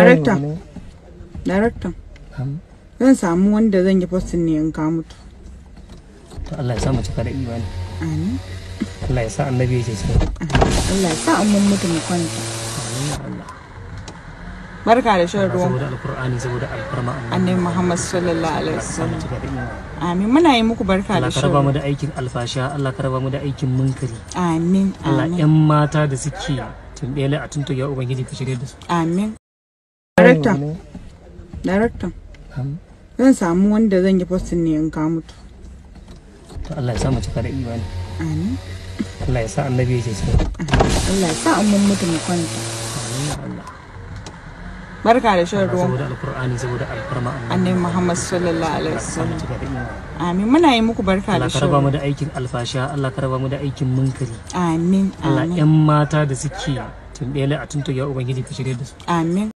Darakta. Darakta. Zan samu wanda zan yi postin ne in ka mutu. Allah ya sa Amin. Allah ya sa annabi ya ce Allah ya sa an mun mutu mu kwanta. Barka da shan Saboda saboda alfarma Annabi Muhammad sallallahu alaihi wasallam. Amin muna yi muku barka da shan Allah karaba mu da aikin alfasha, Allah karaba mu da aikin munkari. Amin. Allah ƴan mata da suke tumbele a tuntuya ubangiji ka da su. Amin. Director. Director. Zan samu wanda zan yi postin ne in ka mutu. Allah ya sa Amin. Allah ya sa annabi ya ce Allah ya sa an mun mutu mu kwanta. Barka da shan Saboda saboda alfarma Annabi Muhammad sallallahu alaihi wasallam. Amin muna yi muku barka da shan Allah mu da aikin alfasha, Allah karaba mu da aikin munkari. Amin. Allah 'yan mata da suke tumbele a tuntuya Ubangiji ka shirye da su. Amin.